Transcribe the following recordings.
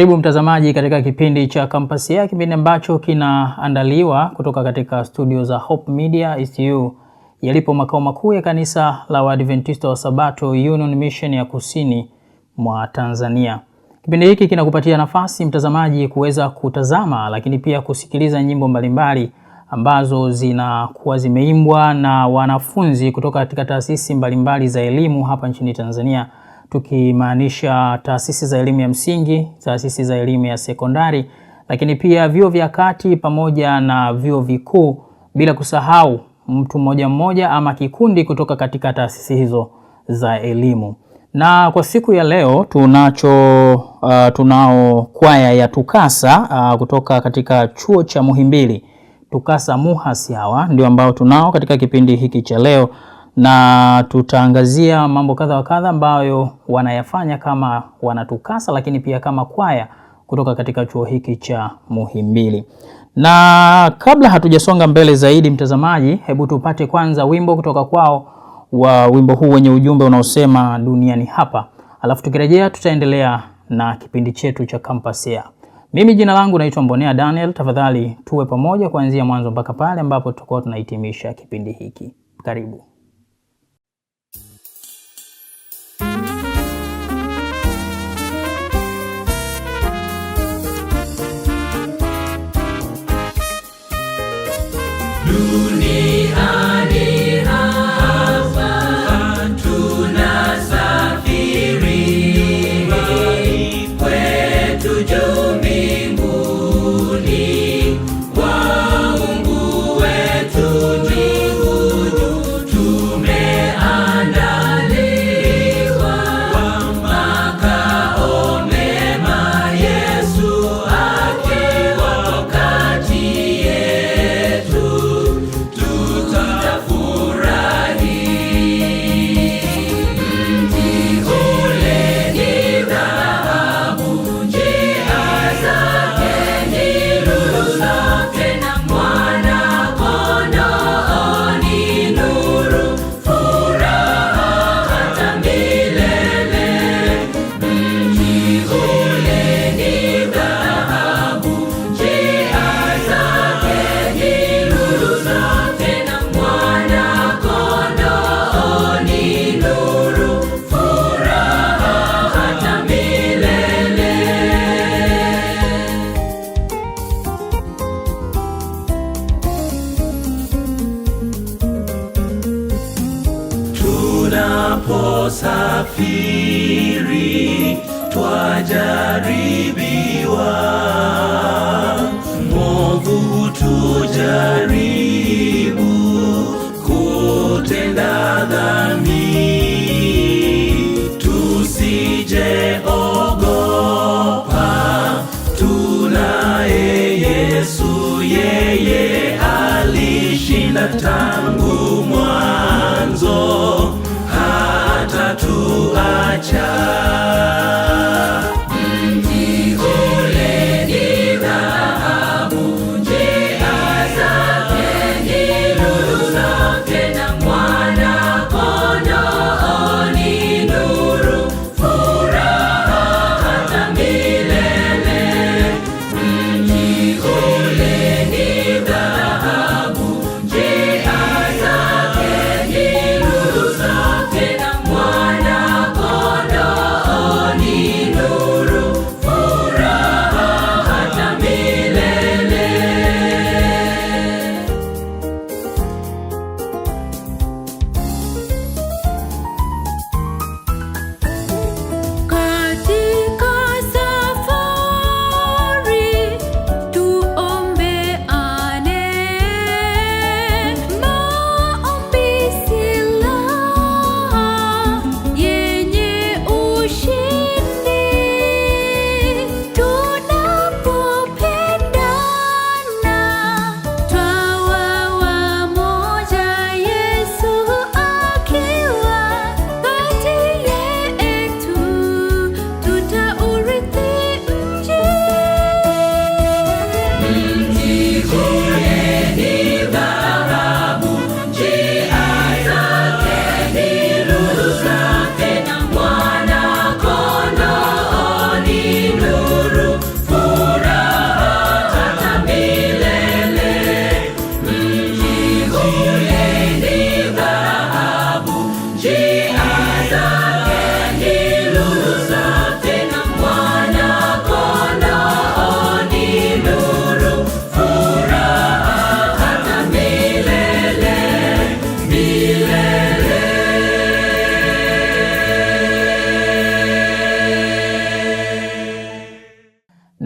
Karibu mtazamaji katika kipindi cha Kampasi ya kipindi ambacho kinaandaliwa kutoka katika studio za Hope Media ECU yalipo makao makuu ya kanisa la Waadventista wa Sabato Union Mission ya Kusini mwa Tanzania. Kipindi hiki kinakupatia nafasi mtazamaji kuweza kutazama lakini pia kusikiliza nyimbo mbalimbali ambazo zinakuwa zimeimbwa na wanafunzi kutoka katika taasisi mbalimbali za elimu hapa nchini Tanzania tukimaanisha taasisi za elimu ya msingi, taasisi za elimu ya sekondari, lakini pia vyuo vya kati pamoja na vyuo vikuu, bila kusahau mtu mmoja mmoja ama kikundi kutoka katika taasisi hizo za elimu. Na kwa siku ya leo tunacho uh, tunao kwaya ya tukasa uh, kutoka katika chuo cha Muhimbili. tukasa MUHAS hawa ndio ambao tunao katika kipindi hiki cha leo na tutaangazia mambo kadha wa kadha ambayo wanayafanya kama wanatukasa, lakini pia kama kwaya kutoka katika chuo hiki cha Muhimbili. Na kabla hatujasonga mbele zaidi, mtazamaji, hebu tupate kwanza wimbo kutoka kwao wa wimbo huu wenye ujumbe unaosema duniani hapa, alafu tukirejea tutaendelea na kipindi chetu cha Campus Air. Mimi jina langu naitwa Mbonea Daniel. Tafadhali tuwe pamoja kuanzia mwanzo mpaka pale ambapo tutakuwa tunahitimisha kipindi hiki. Karibu. tunaposafiri twajaribiwa, mwovu tujaribu kutenda dhambi, tusijeogopa, tunaye Yesu, yeye alishinda tangu mwa kutuacha.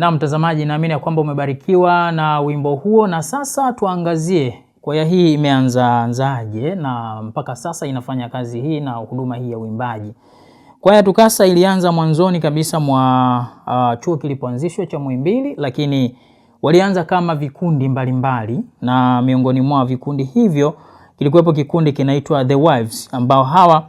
Na mtazamaji, naamini ya kwamba umebarikiwa na wimbo huo, na sasa tuangazie kwaya hii imeanzaanzaje na mpaka sasa inafanya kazi hii na huduma hii ya uimbaji. Kwaya Tukasa ilianza mwanzoni kabisa mwa uh, chuo kilipoanzishwa cha Muhimbili, lakini walianza kama vikundi mbalimbali mbali, na miongoni mwa vikundi hivyo kilikuwepo kikundi kinaitwa The Wives ambao hawa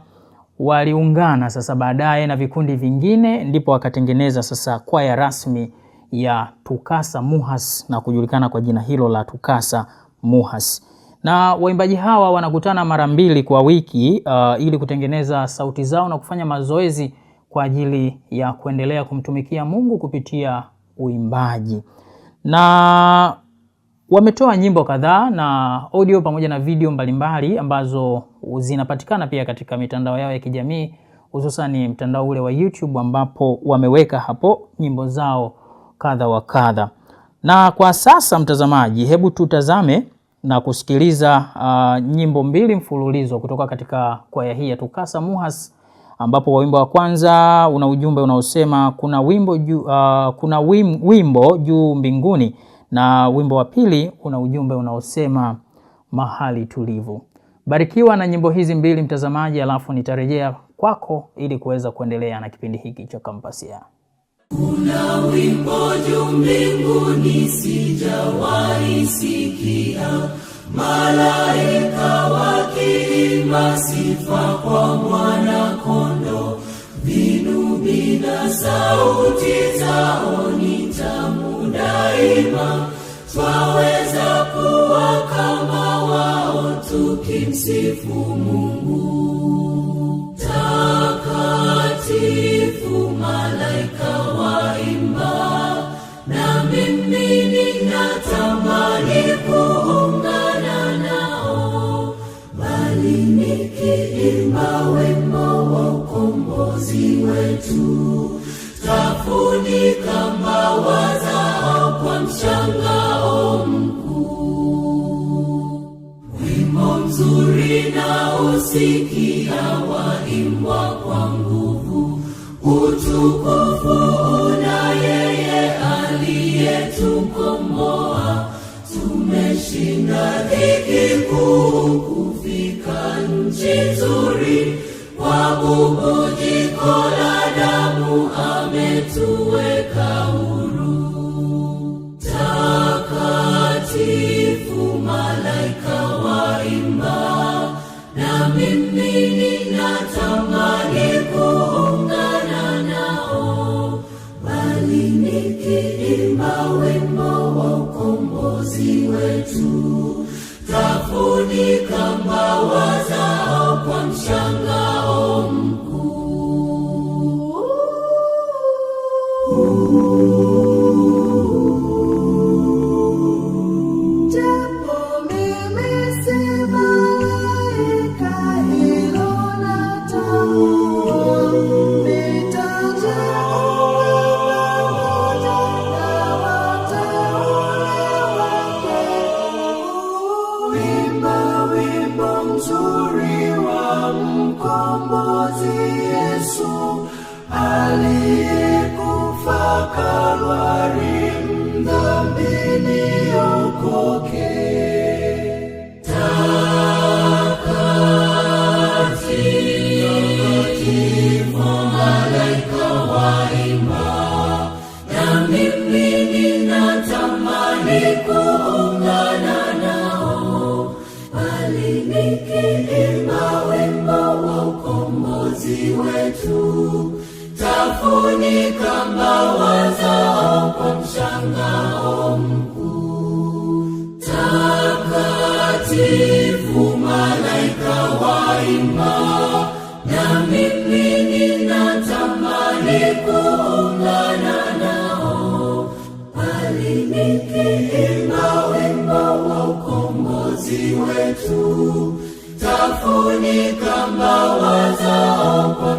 waliungana sasa baadaye na vikundi vingine, ndipo wakatengeneza sasa kwaya rasmi ya Tukasa Muhas na kujulikana kwa jina hilo la Tukasa Muhas. Na waimbaji hawa wanakutana mara mbili kwa wiki uh, ili kutengeneza sauti zao na kufanya mazoezi kwa ajili ya kuendelea kumtumikia Mungu kupitia uimbaji. Na wametoa nyimbo kadhaa na audio pamoja na video mbalimbali ambazo zinapatikana pia katika mitandao yao ya kijamii hususan mtandao ule wa YouTube ambapo wameweka hapo nyimbo zao kadha wa kadha. Na kwa sasa, mtazamaji, hebu tutazame na kusikiliza uh, nyimbo mbili mfululizo kutoka katika kwaya hii ya TUCASA MUHAS, ambapo wimbo wa kwanza una ujumbe unaosema kuna wimbo juu, uh, ah, kuna wim, wimbo juu mbinguni, na wimbo wa pili una ujumbe unaosema mahali tulivu. Barikiwa na nyimbo hizi mbili mtazamaji, alafu nitarejea kwako ili kuweza kuendelea na kipindi hiki cha Kampasi. Kuna wimbo juu mbinguni sijawahi sikia, malaika wakiimba sifa kwa mwana kondo Vinubi na sauti zao ni tamu daima, twaweza kuwa kama wao tukimsifu Mungu. Pumziko la damu ametuweka huru, takatifu malaika waimba, na mimi ninatamani kuungana nao, bali nikiimba wimbo wa ukombozi wetu, tafunika mbawa zao kwa msha uzuri wa mkombozi Yesu aliyekufa Kalvari. wetu, tafunika mbawa kwa mshangao mkuu. Takatifu malaika waimba, na mimi ninatamani kuungana nao, bali nikiimba wimbo wa ukombozi wetu tafunika mawazo kwa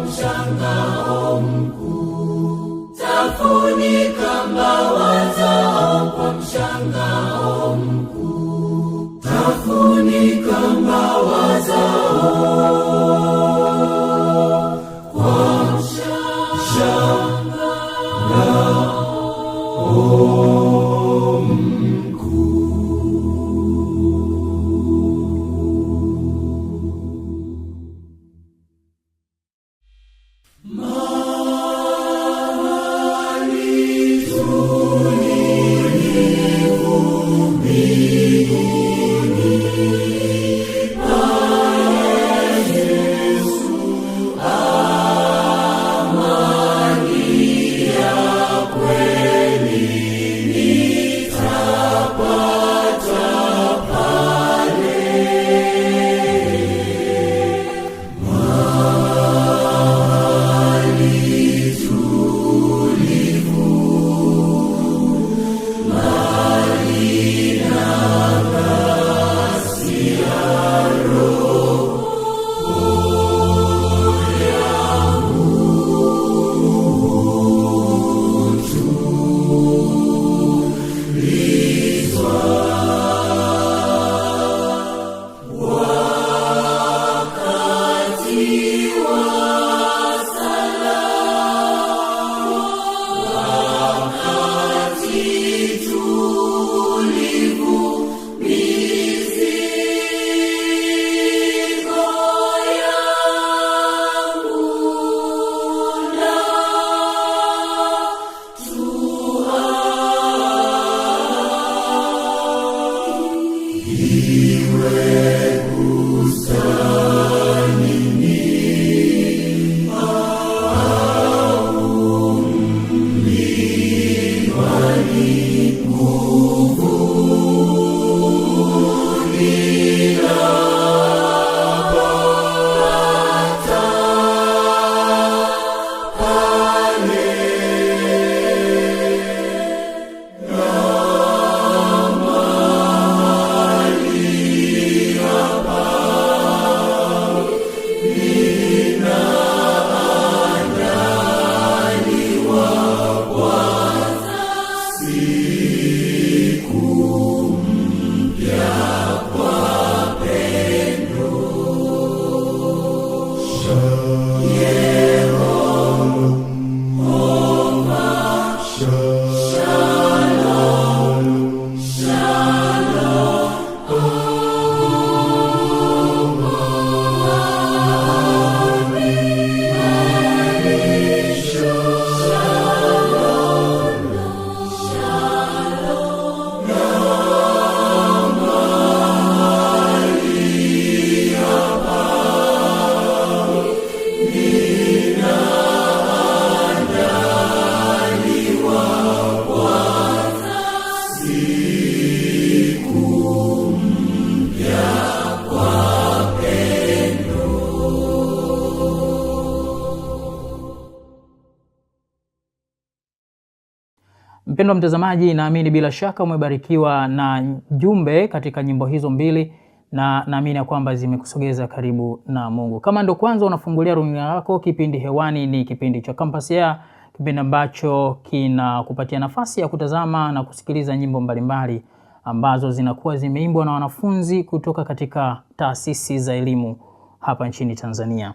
Mpendwa mtazamaji, naamini bila shaka umebarikiwa na jumbe katika nyimbo hizo mbili, na naamini ya kwamba zimekusogeza karibu na Mungu. Kama ndo kwanza unafungulia runinga yako, kipindi hewani ni kipindi cha Campus Air, kipindi ambacho kinakupatia nafasi ya kutazama na kusikiliza nyimbo mbalimbali ambazo zinakuwa zimeimbwa na wanafunzi kutoka katika taasisi za elimu hapa nchini Tanzania.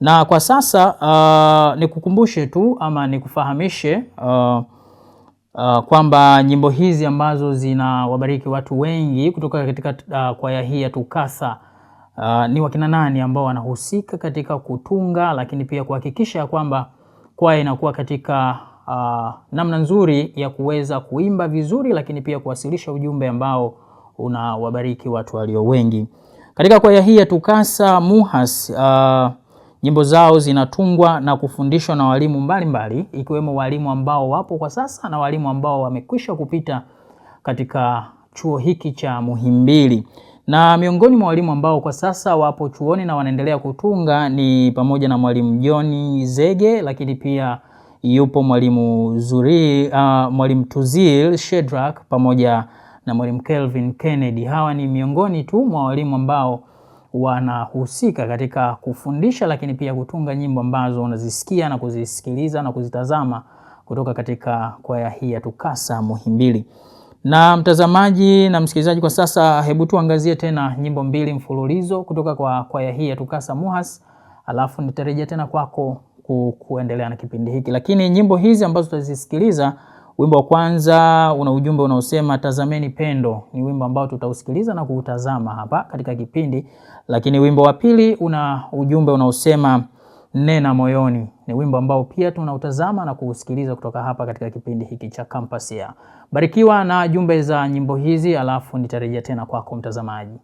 Na kwa sasa uh, nikukumbushe tu ama nikufahamishe uh, uh, kwamba nyimbo hizi ambazo zinawabariki watu wengi kutoka katika uh, kwaya hii ya TUCASA uh, ni wakina nani ambao wanahusika katika kutunga, lakini pia kuhakikisha ya kwamba kwaya inakuwa katika uh, namna nzuri ya kuweza kuimba vizuri, lakini pia kuwasilisha ujumbe ambao unawabariki watu walio wengi katika kwaya hii ya TUCASA MUHAS uh, Nyimbo zao zinatungwa na kufundishwa na walimu mbalimbali mbali, ikiwemo walimu ambao wapo kwa sasa na walimu ambao wamekwisha kupita katika chuo hiki cha Muhimbili. Na miongoni mwa walimu ambao kwa sasa wapo chuoni na wanaendelea kutunga ni pamoja na mwalimu John Zege, lakini pia yupo mwalimu Zuri, uh, mwalimu Tuzil Shedrack pamoja na mwalimu Kelvin Kennedy. Hawa ni miongoni tu mwa walimu ambao wanahusika katika kufundisha, lakini pia kutunga nyimbo ambazo unazisikia na kuzisikiliza na kuzitazama kutoka katika kwaya hii ya TUCASA Muhimbili. Na mtazamaji na msikilizaji, kwa sasa hebu tuangazie tena nyimbo mbili mfululizo kutoka kwa kwaya hii ya TUCASA MUHAS, alafu nitarejea tena kwako kuendelea na kipindi hiki, lakini nyimbo hizi ambazo tutazisikiliza Wimbo wa kwanza una ujumbe unaosema tazameni pendo, ni wimbo ambao tutausikiliza na kuutazama hapa katika kipindi. Lakini wimbo wa pili una ujumbe unaosema nena moyoni, ni wimbo ambao pia tunautazama na kuusikiliza kutoka hapa katika kipindi hiki cha Campus Air. Barikiwa na jumbe za nyimbo hizi, alafu nitarejea tena kwako mtazamaji.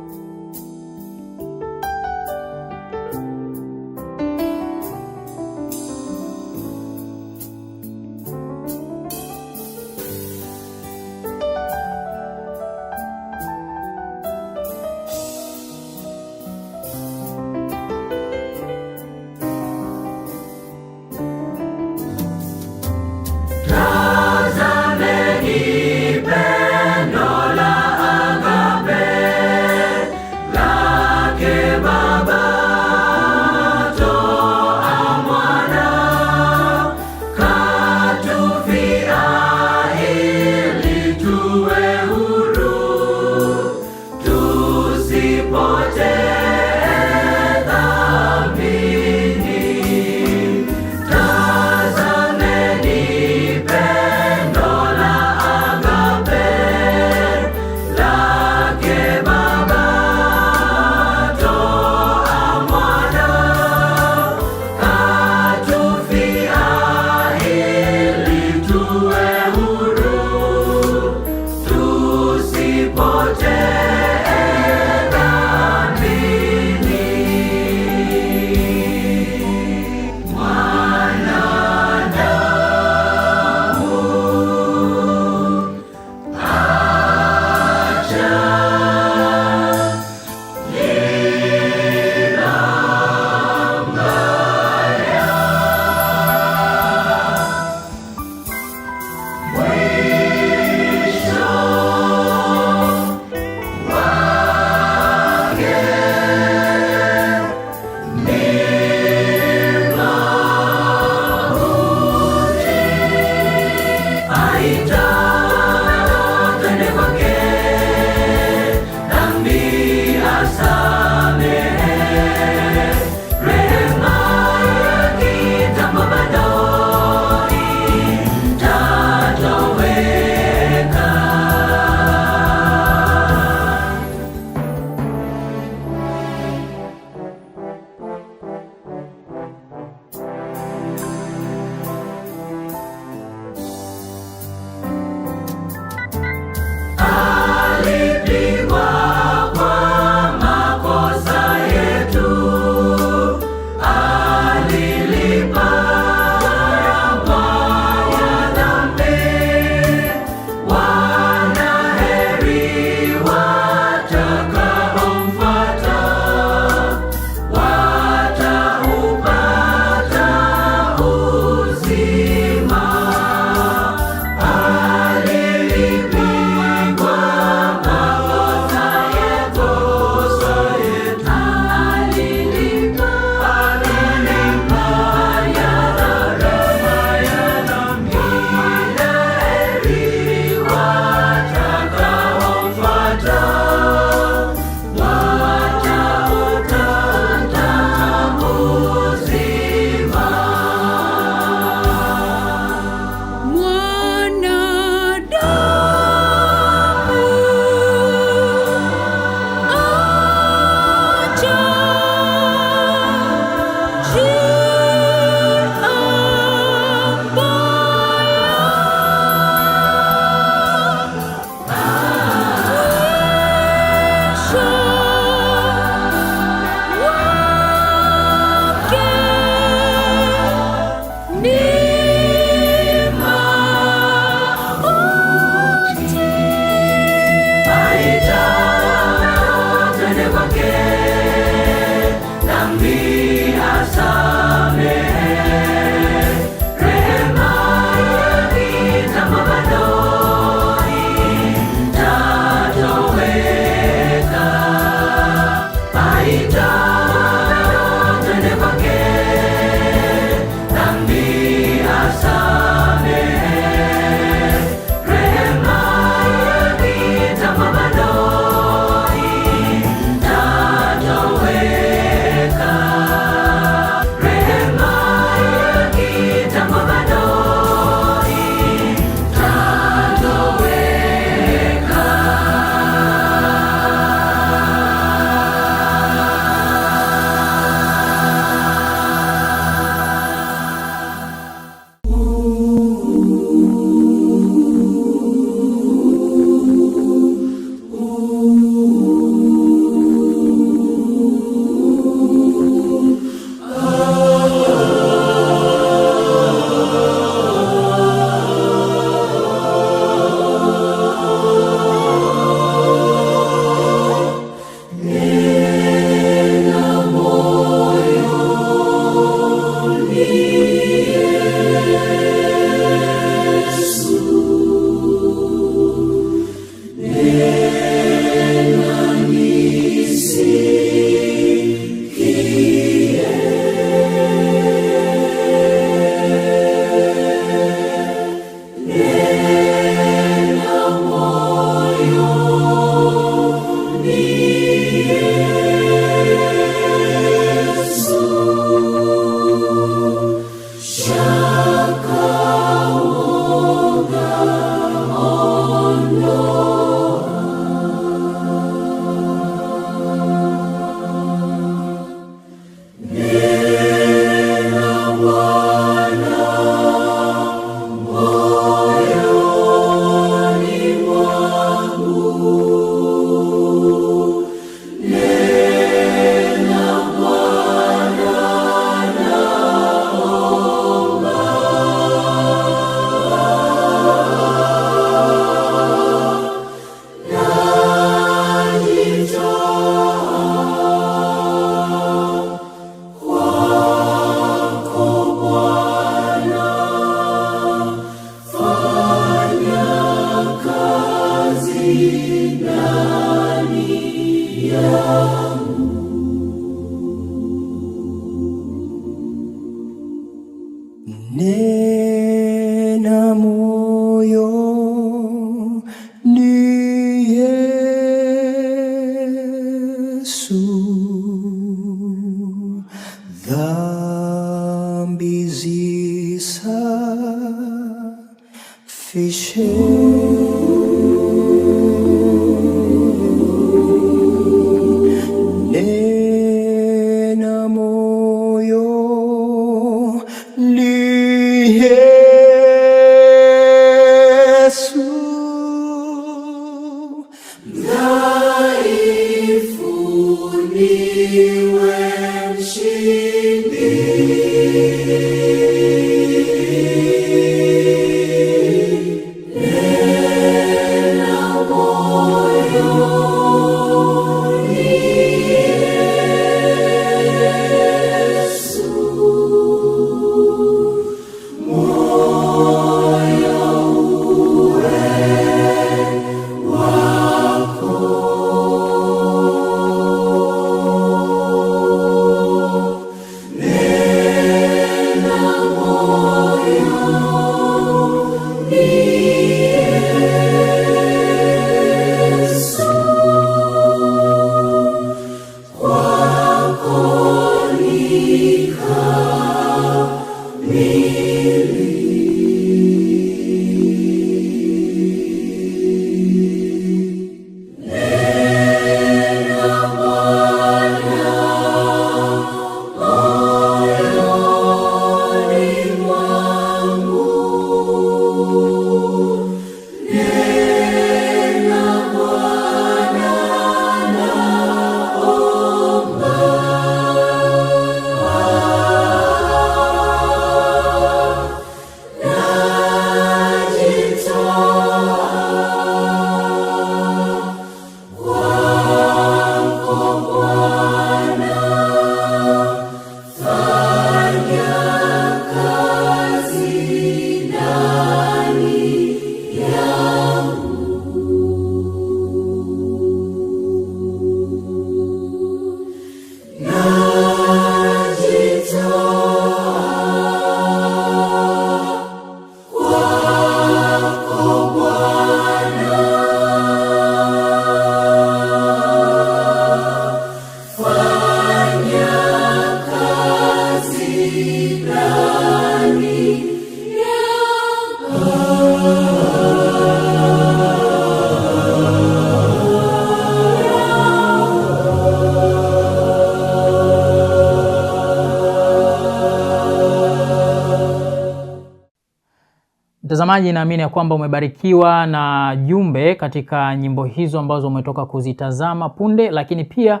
Mtazamaji, naamini ya kwamba umebarikiwa na jumbe katika nyimbo hizo ambazo umetoka kuzitazama punde, lakini pia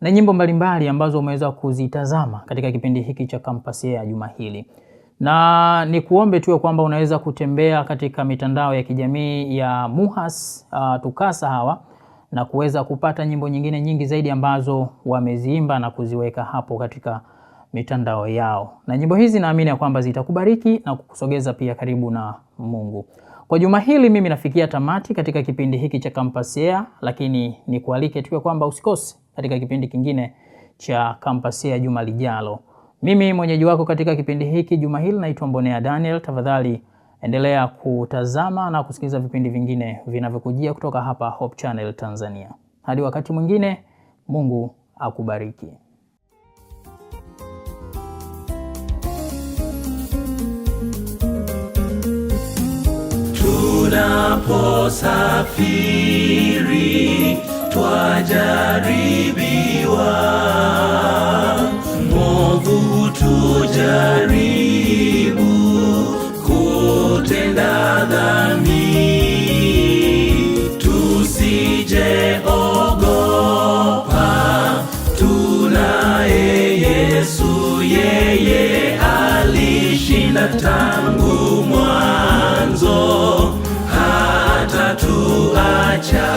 na nyimbo mbalimbali ambazo umeweza kuzitazama katika kipindi hiki cha Campus Air ya juma hili, na ni kuombe tu kwamba unaweza kutembea katika mitandao ya kijamii ya Muhas uh, TUCASA hawa na kuweza kupata nyimbo nyingine nyingi zaidi ambazo wameziimba na kuziweka hapo katika mitandao yao, na nyimbo hizi naamini ya kwamba zitakubariki na kukusogeza pia karibu na Mungu. Kwa juma hili mimi nafikia tamati katika kipindi hiki cha Campus Air, lakini nikualike tu kwamba usikose katika kipindi kingine cha Campus Air juma lijalo. Mimi mwenyeji wako katika kipindi hiki juma hili naitwa Mbonea Daniel. Tafadhali endelea kutazama na kusikiliza vipindi vingine vinavyokujia kutoka hapa Hope Channel Tanzania. Hadi wakati mwingine, Mungu akubariki. tunaposafiri twajaribiwa, mwovu tujaribu kutenda dhambi, tusijeogopa, tunaye Yesu, yeye alishinda tangu mwa кулача.